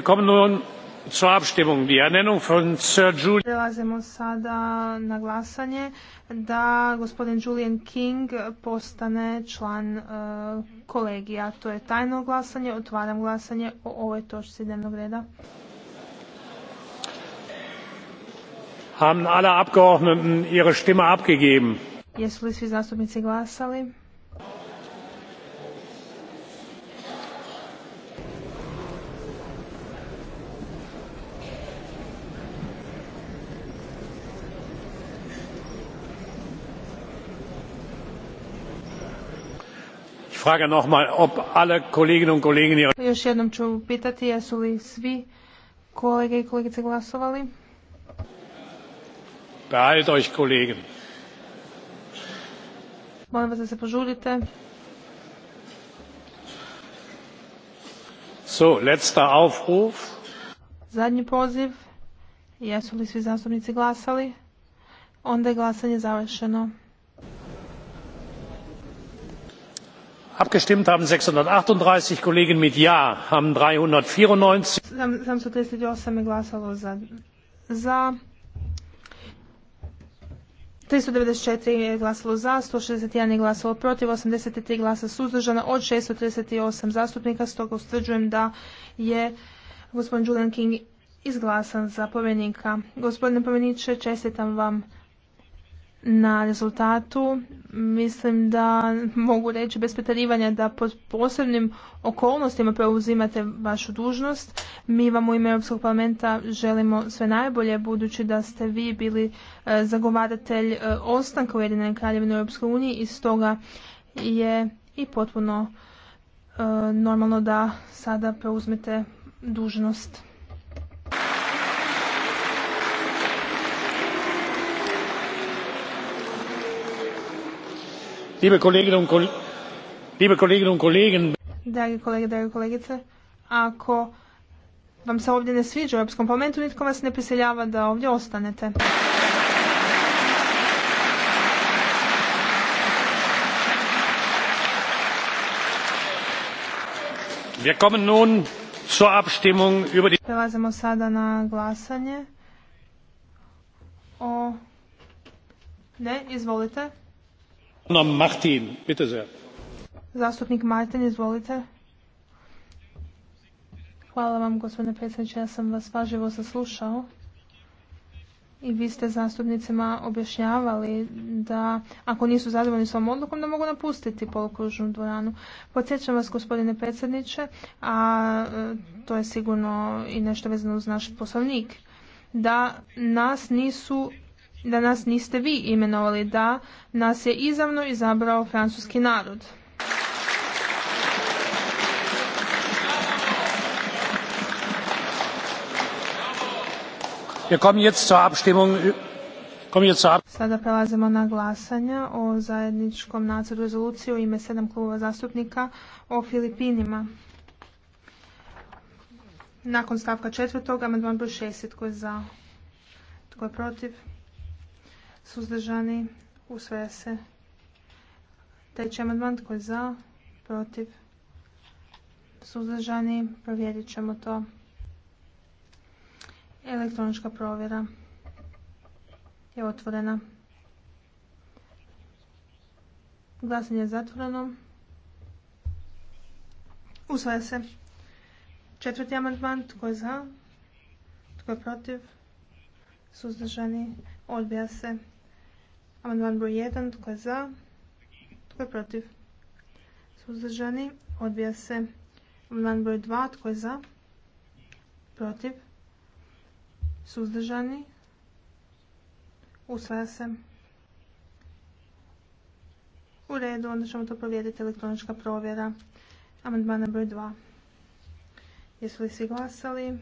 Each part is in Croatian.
Prelazimo sada na glasanje da gospodin Julian King postane član e, kolegija. To je tajno glasanje. Otvaram glasanje o ovoj točci dnevnog reda. alle Abgeordneten ihre Stimme abgegeben? Jesu li svi zastupnici glasali? frage noch mal, ob alle Kolleginnen und Kollegen... Još jednom ću pitati jesu li svi kolege i kolegice glasovali. Behalt euch, Kollegen. Molim vas da se požurite. So, letzter Aufruf. Zadnji poziv. Jesu li svi zastupnici glasali? Onda je glasanje završeno. abgestimmt haben 638, kollegen mit ja haben je glasalo za za tristo devedeset je glasalo za sto šezdeset je glasalo protiv osamdeset tri glasa suzdržana od šesto trideset osam zastupnika stoga ustvrđujem da je gospodin julian king izglasan za povjerenika gospodine povjereniče čestitam vam na rezultatu mislim da mogu reći bez pretarivanja da pod posebnim okolnostima preuzimate vašu dužnost. Mi vam u ime Europskog parlamenta želimo sve najbolje budući da ste vi bili e, zagovaratelj e, ostanka Ujedinjene kraljevine u Europskoj uniji i stoga je i potpuno e, normalno da sada preuzmete dužnost Dragi kolege, dragi kolegice, ako vam se ovdje ne sviđa u Europskom parlamentu, nitko vas ne prisiljava da ovdje ostanete. nun Prelazimo sada na glasanje. O Ne, izvolite. Zastupnik Martin, izvolite. Hvala vam, gospodine predsjedniče, ja sam vas pažljivo saslušao i vi ste zastupnicima objašnjavali da ako nisu zadovoljni svom odlukom da mogu napustiti polukružnu dvoranu. Podsjećam vas gospodine predsjedniče, a e, to je sigurno i nešto vezano uz naš poslovnik, da nas nisu da nas niste vi imenovali, da nas je izavno izabrao francuski narod. Sada prelazimo na glasanja o zajedničkom nacrtu rezolucije u ime sedam klubova zastupnika o Filipinima. Nakon stavka četvrtog, amandman broj 60, tko je za, tko je protiv? suzdržani, usvaja se. Treći amandman tko je za, protiv, suzdržani, provjerit ćemo to. Elektronička provjera je otvorena. Glasanje je zatvoreno. Usvaja se. Četvrti amandman, tko je za, tko je protiv, suzdržani, odbija se. Amandman broj 1. Tko je za? Tko je protiv? Suzdržani? Odbija se. Amandman broj 2. Tko je za? Protiv? Suzdržani? Usvaja se. U redu, onda ćemo to provjeriti elektronička provjera. Amandman broj 2. Jesu li svi glasali?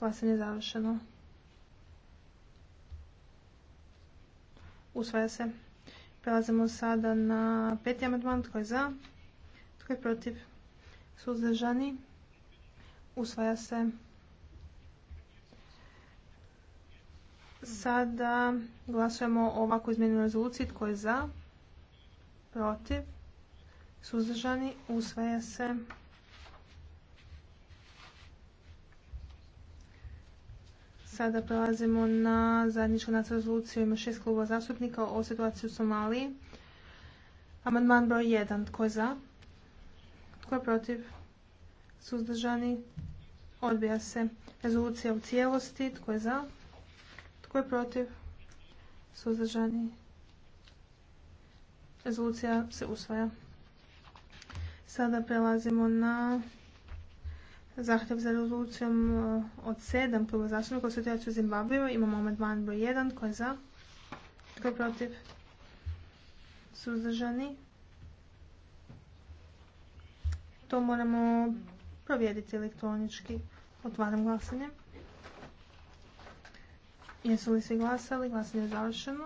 Glasanje je završeno. Usvaja se. Prelazimo sada na peti amandman. Tko je za? Tko je protiv? Suzdržani? Usvaja se. Sada glasujemo o ovako izmijenjenoj rezoluciji. Tko je za? Protiv? Suzdržani? Usvaja se. Sada prelazimo na zajedničku nas rezoluciju. Ima šest klubova zastupnika o situaciji u Somaliji. Amandman broj 1. Tko je za? Tko je protiv? Suzdržani? Odbija se. Rezolucija u cijelosti. Tko je za? Tko je protiv? Suzdržani? Rezolucija se usvaja. Sada prelazimo na zahtjev za rezolucijom eh, od sedam prvo zastupnika u situaciju u Zimbabviju. Imamo amandman broj 1. Tko je za? Tko je protiv? Suzdržani? To moramo provjeriti elektronički. Otvaram glasanje. Jesu li svi glasali? Glasanje je završeno.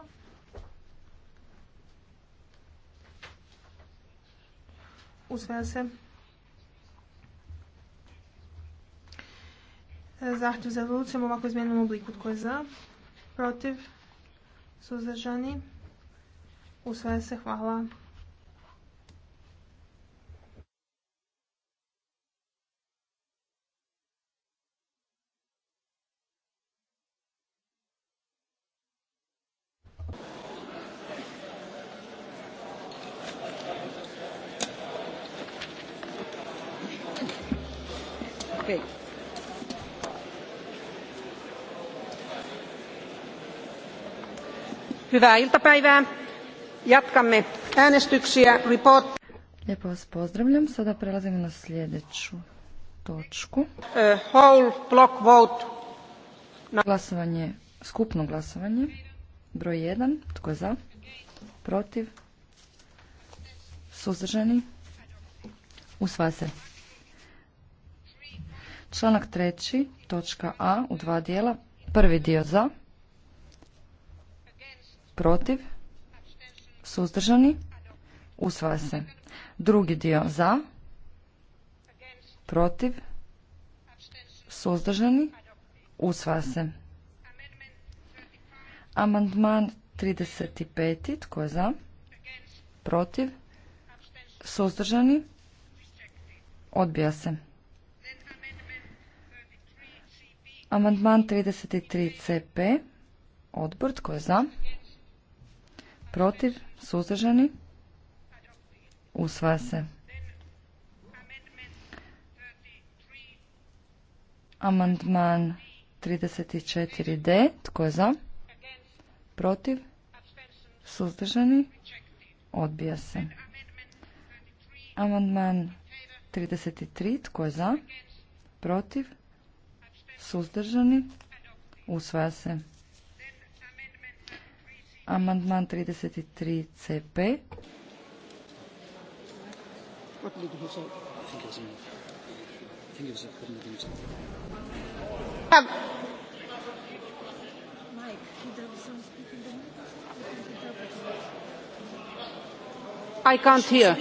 Usvaja se zahtjev za evolucijom ovako izmjenom obliku. Tko je za? Protiv? Suzdržani? Usvaja se. Hvala. Hyvää iltapäivää. Jatkamme äänestyksiä. Report. Lijepo vas pozdravljam. Sada prelazimo na sljedeću točku. block Na... Glasovanje, skupno glasovanje. Broj 1. Tko je za? Protiv? Suzdržani? U se. Članak 3. Točka A u dva dijela. Prvi dio za protiv, suzdržani, usvaja se. Drugi dio za, protiv, suzdržani, usvaja se. Amandman 35. Tko je za? Protiv? Suzdržani? Odbija se. Amandman 33 CP. Odbor. Tko je za? protiv, suzdržani, usvaja se. Amandman 34D, tko je za, protiv, suzdržani, odbija se. Amandman 33, tko je za, protiv, suzdržani, usvaja se amandman 33 CP. Um, I can't hear.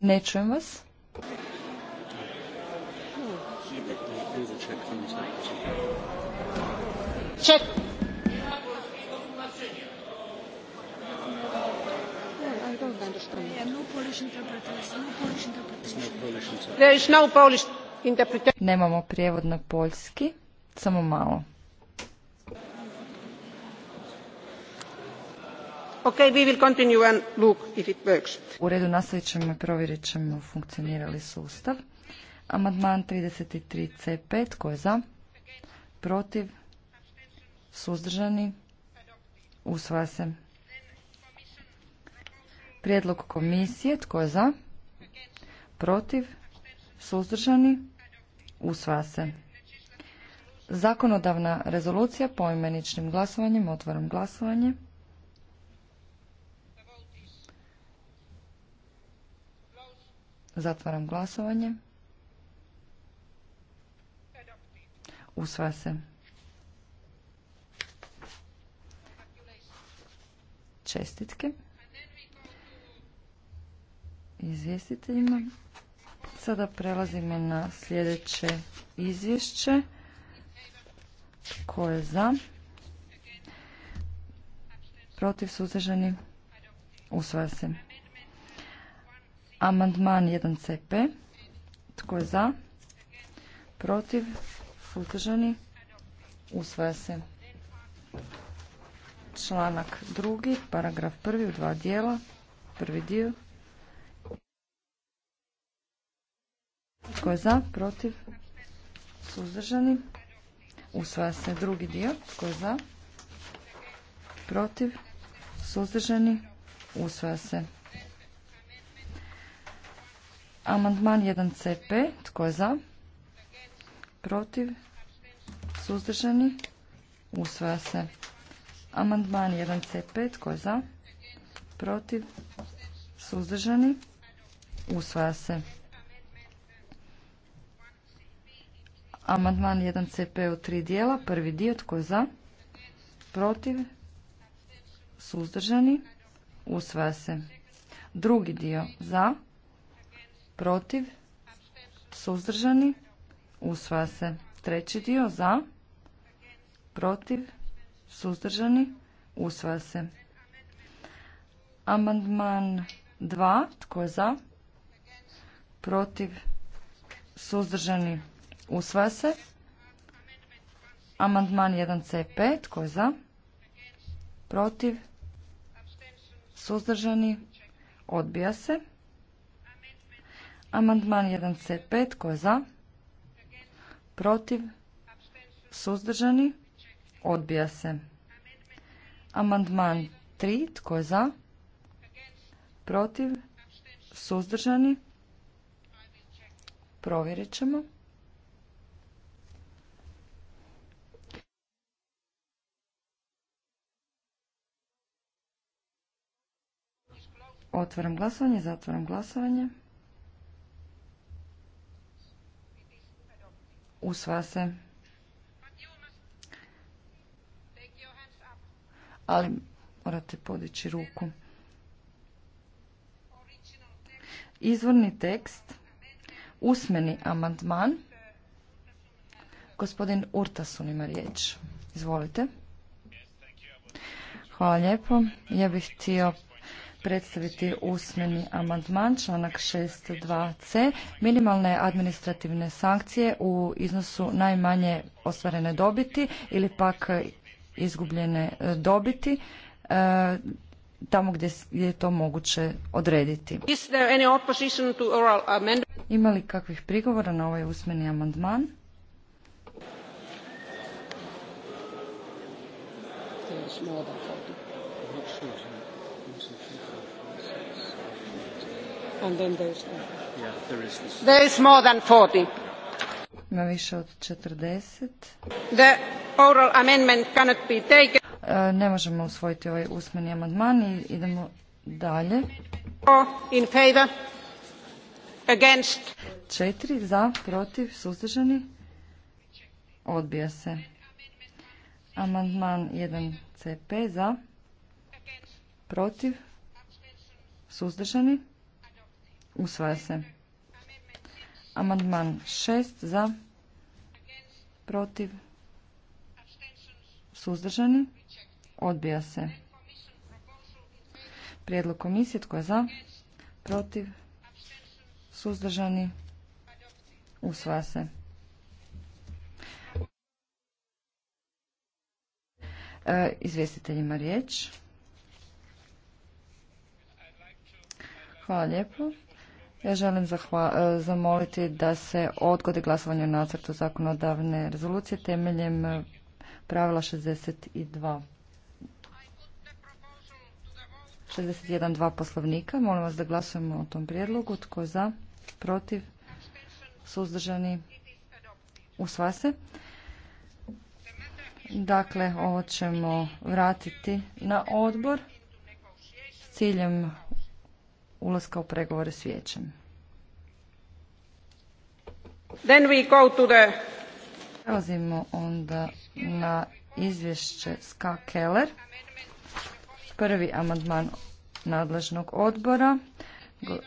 Ne čujem vas. Check. Nemamo prijevod na poljski, samo malo. Okay, we will continue and look if it works. U redu nastavit ćemo i provjerit ćemo funkcionirali sustav. Amandman 33 C5, tko je za? Protiv? Suzdržani? Usvaja se. Prijedlog komisije. Tko je za? Protiv? Suzdržani? Usvaja se. Zakonodavna rezolucija imeničnim glasovanjem. Otvaram glasovanje. Zatvaram glasovanje. Usvaja se. Čestitke izvjestiteljima. Sada prelazimo na sljedeće izvješće. Tko je za? Protiv suzdržani? Usvaja se. Amandman 1CP. Tko je za? Protiv? Suzdržani? Usvaja se. Članak drugi, paragraf prvi u dva dijela. Prvi dio. Tko je za? Protiv? Suzdržani? Usvaja se drugi dio. Tko je za? Protiv? Suzdržani? Usvaja se. Amandman 1CP. Tko je za? Protiv? Suzdržani? Usvaja se. Amandman 1C5. Tko je za? Protiv? Suzdržani? Usvaja se. Amandman 1 CP u tri dijela. Prvi dio tko je za? Protiv? Suzdržani? Usvaja se. Drugi dio za? Protiv? Suzdržani? Usvaja se. Treći dio za? Protiv? Suzdržani? Usvaja se. Amandman 2. Tko je za? Protiv? Suzdržani? Usvaja se. Amandman 1C5. Tko je za? Protiv? Suzdržani? Odbija se. Amandman 1C5. Tko je za? Protiv? Suzdržani? Odbija se. Amandman 3. Tko je za? Protiv? Suzdržani? Provjerit ćemo. Otvaram glasovanje, zatvaram glasovanje. Usva se. Ali morate podići ruku. Izvorni tekst. Usmeni amandman. Gospodin Urtasun ima riječ. Izvolite. Hvala lijepo. Ja bih htio predstaviti usmeni amandman članak 6.2c minimalne administrativne sankcije u iznosu najmanje ostvarene dobiti ili pak izgubljene e, dobiti e, tamo gdje je to moguće odrediti. Ima li kakvih prigovora na ovaj usmeni amandman? And then there is, yeah, there is, this. There is more than 40. na više od 40. The oral amendment cannot be taken. E, ne možemo usvojiti ovaj usmeni amandman i idemo dalje. In favor. Against. Četiri za, protiv, suzdržani. Odbija se. Amandman 1 CP za, protiv, suzdržani. Usvaja se. Amandman 6 za, protiv, suzdržani. Odbija se. Prijedlog komisije tko je za, protiv, suzdržani. Usvaja se. E, izvjestiteljima riječ. Hvala lijepo. Ja želim e, zamoliti da se odgode glasovanje o nacrtu zakonodavne rezolucije temeljem e, pravila 62. 61.2 poslovnika. Molim vas da glasujemo o tom prijedlogu. Tko za? Protiv? Suzdržani? Usvaja se. Dakle, ovo ćemo vratiti na odbor s ciljem ulaska u pregovore s vijećem. Prelazimo onda na izvješće Ska Keller. Prvi amandman nadležnog odbora.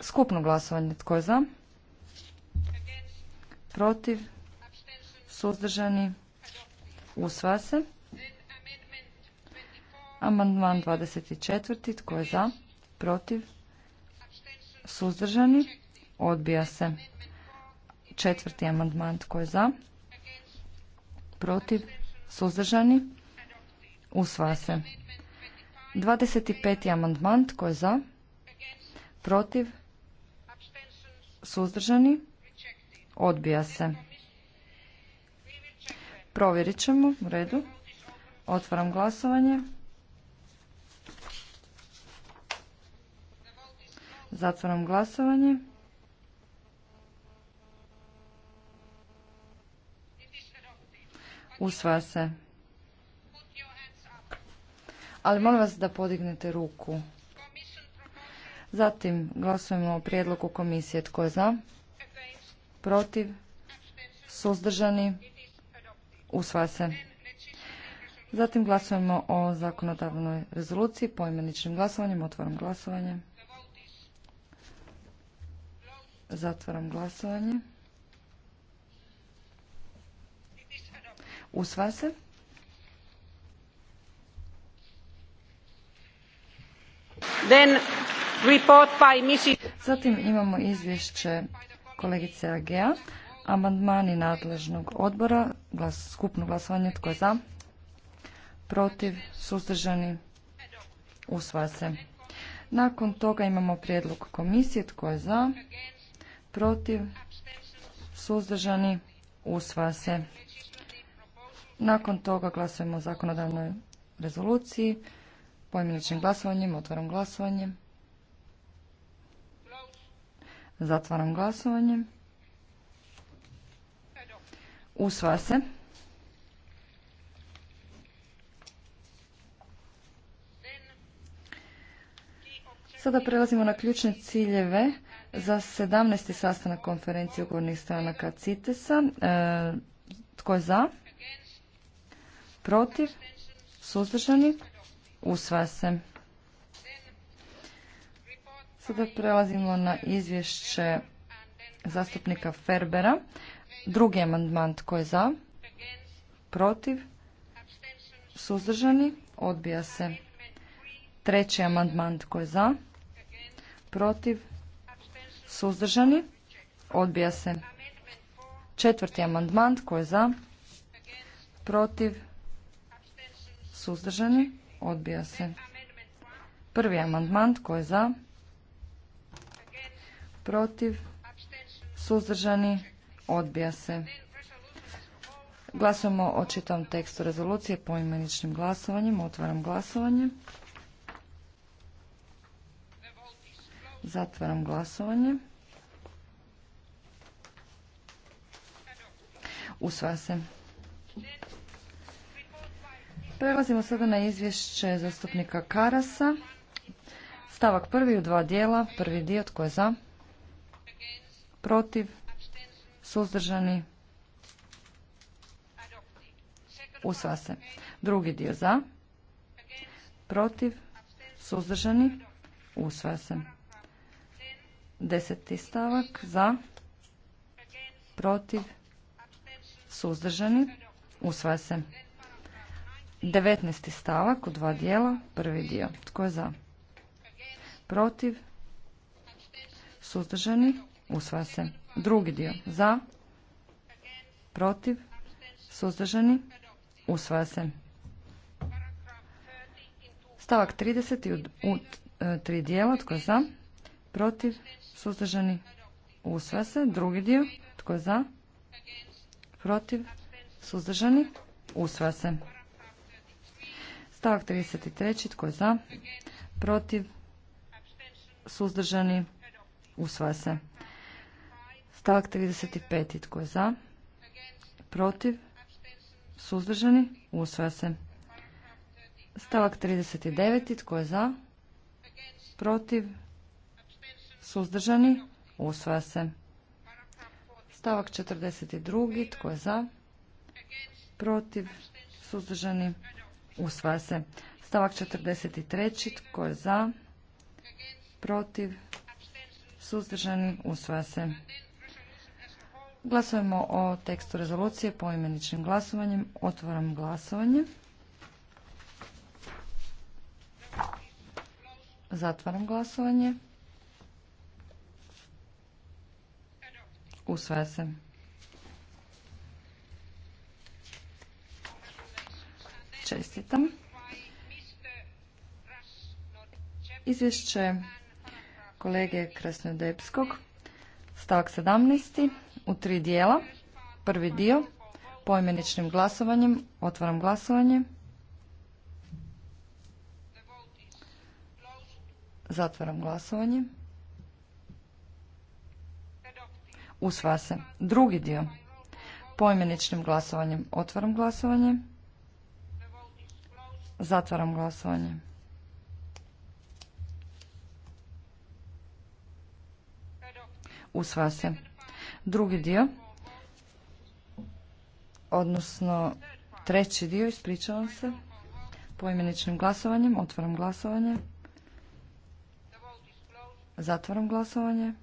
Skupno glasovanje tko je za? Protiv? Suzdržani? Usvaja se. Amandman 24. Tko je za? Protiv? suzdržani, odbija se. Četvrti amandman tko je za, protiv, suzdržani, usvaja se. 25. amandman tko je za, protiv, suzdržani, odbija se. Provjerit ćemo u redu. Otvaram glasovanje. Zatvaram glasovanje. Usvaja se. Ali molim vas da podignete ruku. Zatim glasujemo o prijedlogu komisije. Tko je za? Protiv? Suzdržani? Usvaja se. Zatim glasujemo o zakonodavnoj rezoluciji. Poimeničnim glasovanjem otvaram glasovanje. Zatvaram glasovanje. Usva se. Then report by Zatim imamo izvješće kolegice Agea. Amandmani nadležnog odbora, glas, skupno glasovanje, tko je za? Protiv, suzdržani, usvaja se. Nakon toga imamo prijedlog komisije, tko je za? protiv, suzdržani, usvaja se. Nakon toga glasujemo o zakonodavnoj rezoluciji. Pojmeničnim glasovanjem otvaram glasovanje. Zatvaram glasovanje. Usvaja se. Sada prelazimo na ključne ciljeve za 17. sastanak konferencije ugovornih stranaka CITES-a. E, tko je za? Protiv? Suzdržani? Usvaja se. Sada prelazimo na izvješće zastupnika Ferbera. Drugi amandman tko je za? Protiv? Suzdržani? Odbija se. Treći amandman tko je za? Protiv? Suzdržani? Odbija se. Četvrti amandman. Tko je za? Protiv? Suzdržani? Odbija se. Prvi amandman. Tko je za? Protiv? Suzdržani? Odbija se. Glasujemo o čitavom tekstu rezolucije poimeničnim glasovanjem. Otvaram glasovanje. Zatvaram glasovanje. Usvaja se. Prelazimo sada na izvješće zastupnika Karasa. Stavak prvi u dva dijela. Prvi dio tko je za? Protiv? Suzdržani? Usvaja se. Drugi dio za? Protiv? Suzdržani? Usvaja se. Deseti stavak za, protiv, suzdržani, usvaja se. Devetnesti stavak u dva dijela, prvi dio. Tko je za? Protiv, suzdržani, usvaja se. Drugi dio za, protiv, suzdržani, usvaja se. Stavak 30 u e, tri dijela, tko je za, protiv, suzdržani, usvaja se. Drugi dio, tko je za, protiv, suzdržani, usvaja se. Stavak 33. Tko je za? Protiv? Suzdržani? Usvaja se. Stavak 35. Tko je za? Protiv? Suzdržani? Usvaja se. Stavak 39. Tko je za? Protiv? Suzdržani? Usvaja se. Stavak 42. Tko je za? Protiv? Suzdržani? Usvaja se. Stavak 43. Tko je za? Protiv? Suzdržani? Usvaja se. Glasujemo o tekstu rezolucije po imeničnim glasovanjem. Otvaram glasovanje. Zatvaram glasovanje. Usvaja se. Čestitam. Izvješće kolege Krasnodepskog, stavak 17. u tri dijela. Prvi dio, poimeničnim glasovanjem, otvaram glasovanje. Zatvaram glasovanje. Usvaja se. Drugi dio. Poimeničnim glasovanjem otvaram glasovanje. Zatvaram glasovanje. Usvaja se. Drugi dio. Odnosno treći dio, ispričavam se. Poimeničnim glasovanjem otvaram glasovanje. Zatvaram glasovanje.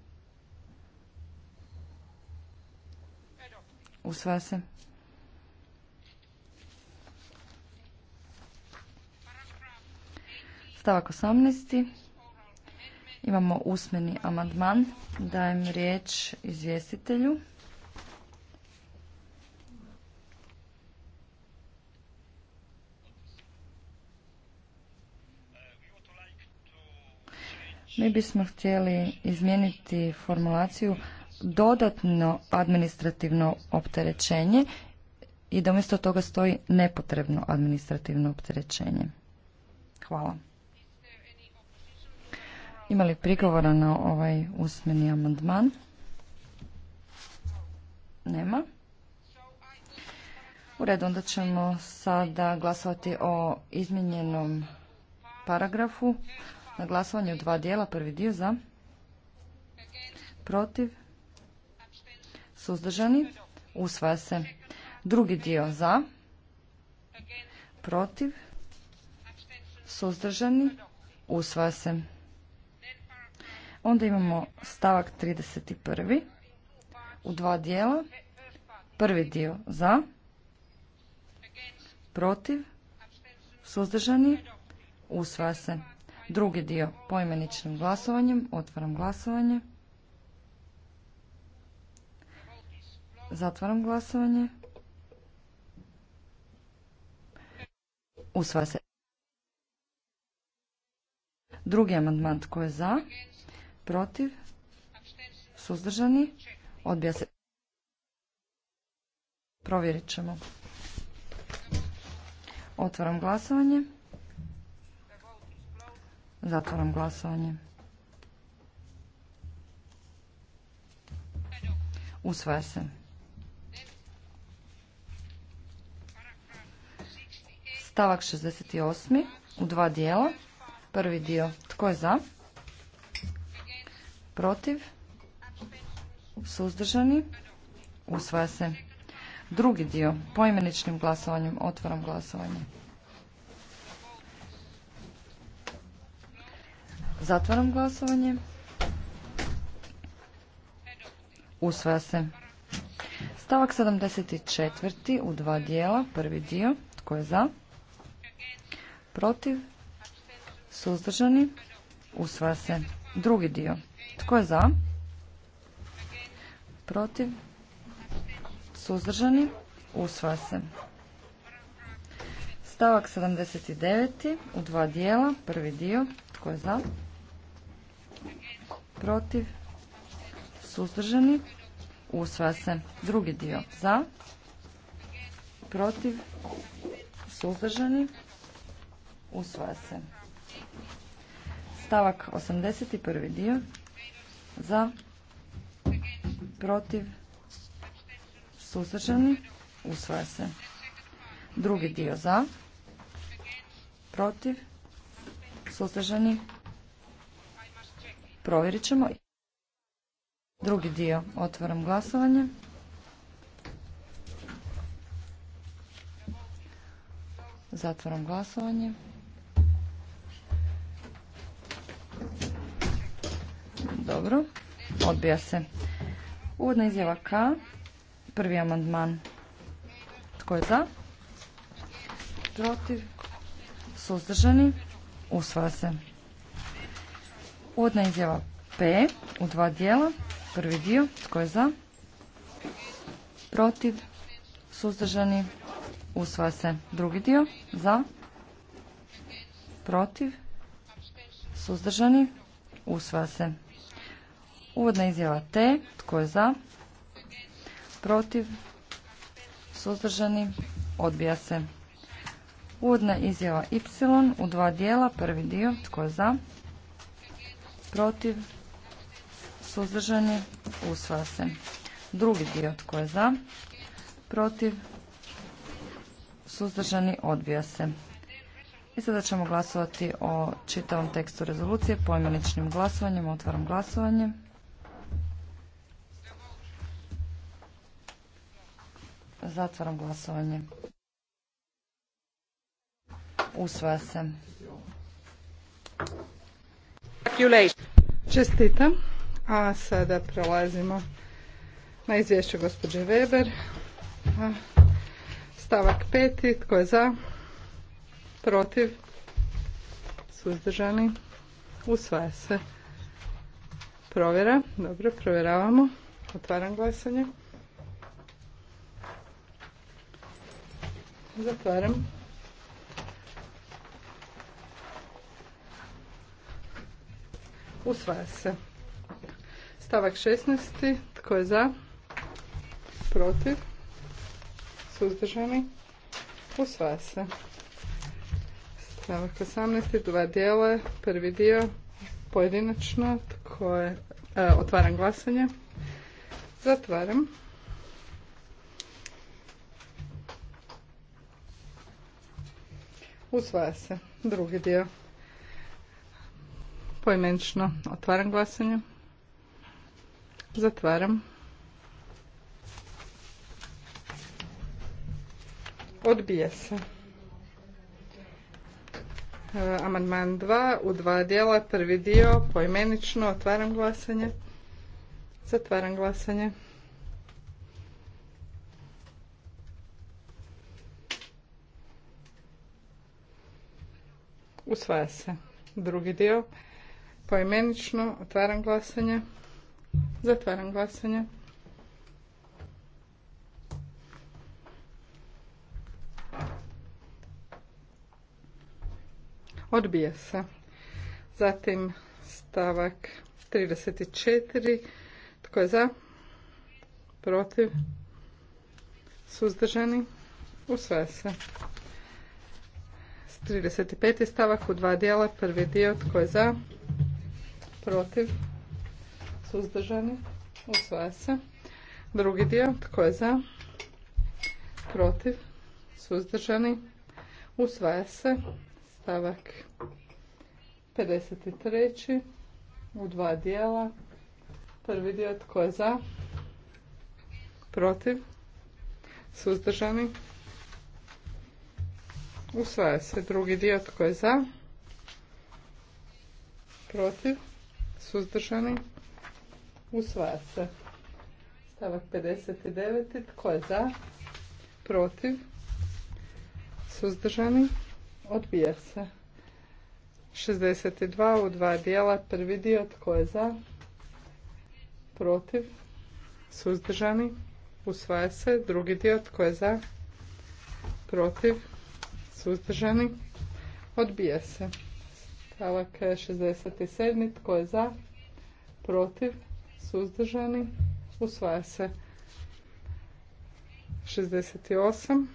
Usvaja se. Stavak 18. Imamo usmeni amandman. Dajem riječ izvjestitelju. Mi bismo htjeli izmijeniti formulaciju dodatno administrativno opterećenje i da umjesto toga stoji nepotrebno administrativno opterećenje. Hvala. Ima li prigovora na ovaj usmeni amandman? Nema. U redu, onda ćemo sada glasovati o izmjenjenom paragrafu na glasovanju dva dijela. Prvi dio za, protiv, Suzdržani? Usvaja se. Drugi dio za. Protiv? Suzdržani? Usvaja se. Onda imamo stavak 31. U dva dijela. Prvi dio za. Protiv? Suzdržani? Usvaja se. Drugi dio poimeničnim glasovanjem. Otvaram glasovanje. Zatvaram glasovanje. Usvaja se. Drugi amandman tko je za? Protiv? Suzdržani? Odbija se. Provjerit ćemo. Otvaram glasovanje. Zatvaram glasovanje. Usvaja se. Stavak 68. u dva dijela. Prvi dio tko je za? Protiv? Suzdržani? Usvaja se. Drugi dio poimeničnim glasovanjem otvaram glasovanje. Zatvaram glasovanje. Usvaja se. Stavak 74. u dva dijela. Prvi dio. Tko je za? Protiv? Suzdržani? Usvaja se. Drugi dio. Tko je za? Protiv? Suzdržani? Usvaja se. Stavak 79. u dva dijela. Prvi dio. Tko je za? Protiv? Suzdržani? Usvaja se. Drugi dio. Za? Protiv? Suzdržani? Usvaja se. Stavak 81. dio. Za. Protiv. Suzdržani. Usvaja se. Drugi dio za. Protiv. Suzdržani. Provjerit ćemo. Drugi dio. Otvaram glasovanje. Zatvaram glasovanje. Dobro. Odbija se. Uvodna izjava K. Prvi amandman. Tko je za? Protiv? Suzdržani? Usvaja se. Uvodna izjava P. U dva dijela. Prvi dio. Tko je za? Protiv? Suzdržani? Usvaja se. Drugi dio. Za? Protiv? Suzdržani? Usvaja se. Uvodna izjava T. Tko je za? Protiv? Suzdržani? Odbija se. Uvodna izjava Y u dva dijela. Prvi dio. Tko je za? Protiv? Suzdržani? Usvaja se. Drugi dio. Tko je za? Protiv? Suzdržani? Odbija se. I sada ćemo glasovati o čitavom tekstu rezolucije poimeničnim glasovanjem. Otvaram glasovanje. Zatvaram glasovanje. Usvaja se. Čestitam. A sada prelazimo na izvješće gospođe Weber. Stavak peti. Tko je za? Protiv? Suzdržani? Usvaja se. Provjera. Dobro, provjeravamo. Otvaram glasanje. Zatvaram. Usvaja se. Stavak 16. Tko je za? Protiv? Suzdržani? Usvaja se. Stavak 18. Dva dijela. Prvi dio pojedinačno. Tko je? E, otvaram glasanje. Zatvaram. Usvaja se. Drugi dio. Poimenično otvaram glasanje. Zatvaram. odbije se. E, amandman 2 u dva dijela. Prvi dio poimenično otvaram glasanje. Zatvaram glasanje. Usvaja se. Drugi dio. Poimenično otvaram glasanje. Zatvaram glasanje. Odbija se. Zatim stavak 34. Tko je za? Protiv? Suzdržani? Usvaja se. 35. stavak u dva dijela. Prvi dio tko je za? Protiv? Suzdržani? Usvaja se. Drugi dio tko je za? Protiv? Suzdržani? Usvaja se. Stavak 53. u dva dijela. Prvi dio tko je za? Protiv? Suzdržani? Usvaja se drugi dio tko je za. Protiv. Suzdržani. Usvaja se. Stavak 59. Tko je za? Protiv. Suzdržani. Odbija se. 62 u dva dijela. Prvi dio tko je za? Protiv. Suzdržani. Usvaja se. Drugi dio tko je za? Protiv Suzdržani? Odbija se. Stavak 67. Tko je za? Protiv? Suzdržani? Usvaja se. 68.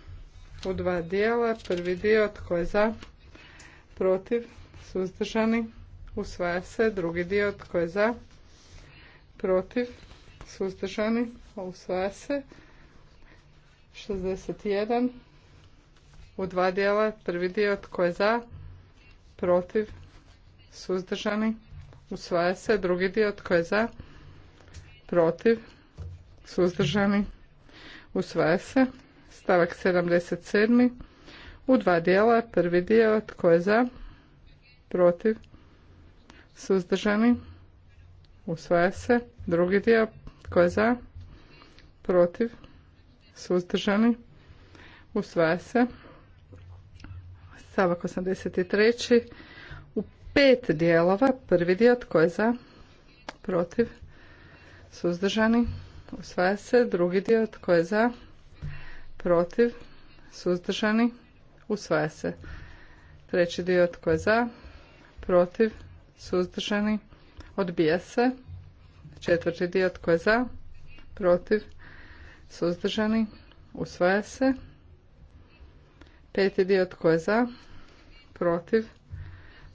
U dva dijela. Prvi dio. Tko je za? Protiv? Suzdržani? Usvaja se. Drugi dio. Tko je za? Protiv? Suzdržani? Usvaja se. 61 u dva dijela. Prvi dio tko je za, protiv, suzdržani, usvaja se. Drugi dio tko je za, protiv, suzdržani, usvaja se. Stavak 77. U dva dijela. Prvi dio tko je za, protiv, suzdržani, usvaja se. Drugi dio tko je za, protiv, suzdržani, usvaja se. Stavak 83. U pet dijelova. Prvi dio tko je za? Protiv? Suzdržani? Usvaja se. Drugi dio tko je za? Protiv? Suzdržani? Usvaja se. Treći dio tko je za? Protiv? Suzdržani? Odbija se. Četvrti dio tko je za? Protiv? Suzdržani? Usvaja se. Peti dio tko je za? protiv,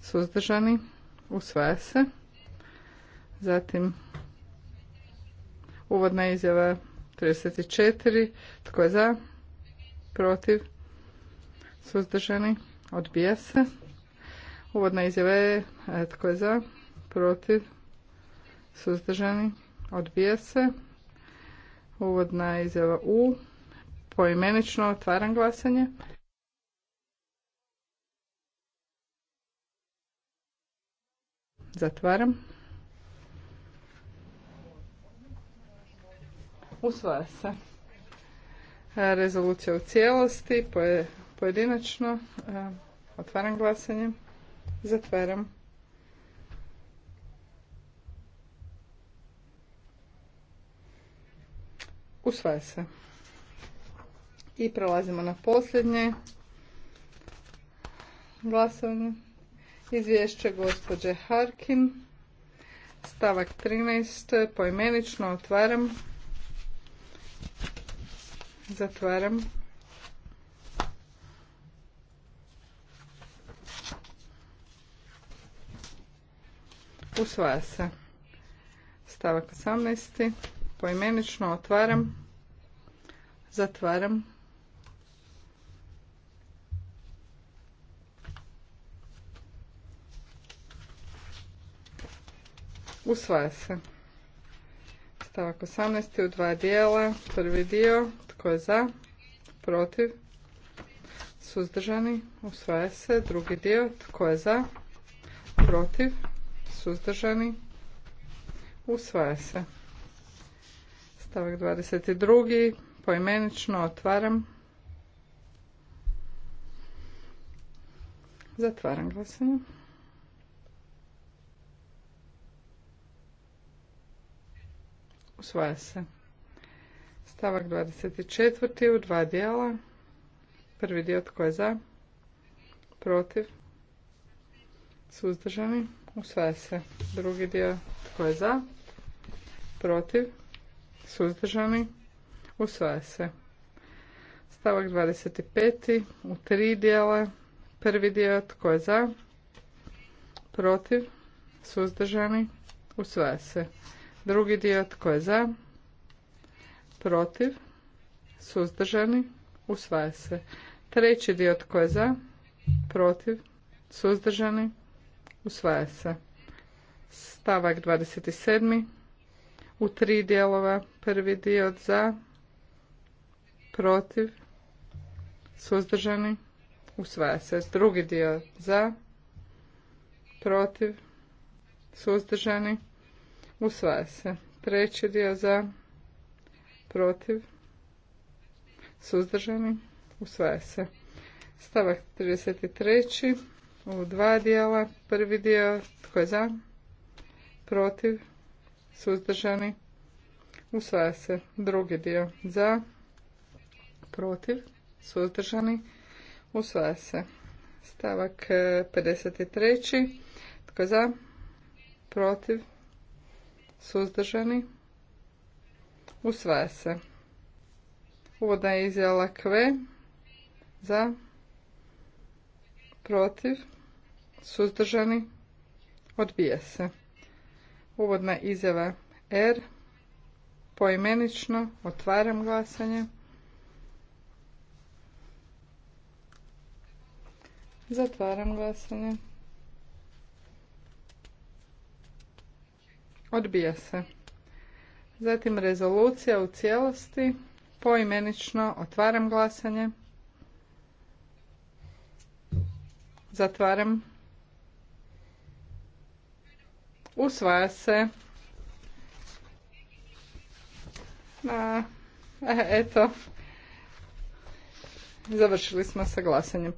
suzdržani, usvaja se. Zatim uvodna izjava 34, tko je za, protiv, suzdržani, odbija se. Uvodna izjava je e, tko je za, protiv, suzdržani, odbija se. Uvodna izjava U, poimenično otvaram glasanje. Zatvaram. Usvaja se. Rezolucija u cijelosti, pojedinačno. Otvaram glasanje. Zatvaram. Usvaja se. I prelazimo na posljednje glasovanje. Izvješće gospođe Harkin. Stavak 13. Poimenično otvaram. Zatvaram. Usvaja se. Stavak 18. Poimenično otvaram. Zatvaram. Usvaja se. Stavak 18. u dva dijela. Prvi dio. Tko je za? Protiv? Suzdržani? Usvaja se. Drugi dio. Tko je za? Protiv? Suzdržani? Usvaja se. Stavak 22. Poimenično otvaram. Zatvaram glasanje. Usvaja se. Stavak 24. u dva dijela. Prvi dio tko je za? Protiv? Suzdržani? Usvaja se. Drugi dio tko je za? Protiv? Suzdržani? Usvaja se. Stavak 25. u tri dijela. Prvi dio tko je za? Protiv? Suzdržani? Usvaja se. Drugi dio tko je za? Protiv? Suzdržani? Usvaja se. Treći dio tko je za? Protiv? Suzdržani? Usvaja se. Stavak 27. U tri dijelova. Prvi dio za? Protiv? Suzdržani? Usvaja se. Drugi dio za? Protiv? Suzdržani? Usvaja se. Treći dio za, protiv, suzdržani. Usvaja se. Stavak 33. U dva dijela. Prvi dio tko je za, protiv, suzdržani. Usvaja se. Drugi dio za, protiv, suzdržani. Usvaja se. Stavak 53. Eh, tko za, protiv, suzdržani, usvaja se. Uvodna je izjava kve, za, protiv, suzdržani, odbije se. Uvodna izjava R, poimenično, otvaram glasanje. Zatvaram glasanje. Odbija se. Zatim rezolucija u cijelosti. Poimenično otvaram glasanje. Zatvaram. Usvaja se. Na, eto. Završili smo sa glasanjem.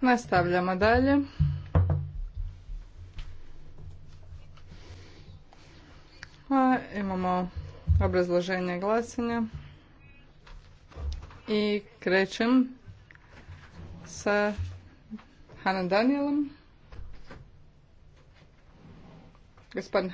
Nastavljamo dalje. A, imamo obrazloženje glasanja. I krećem sa Hanan Danielom. Gospodin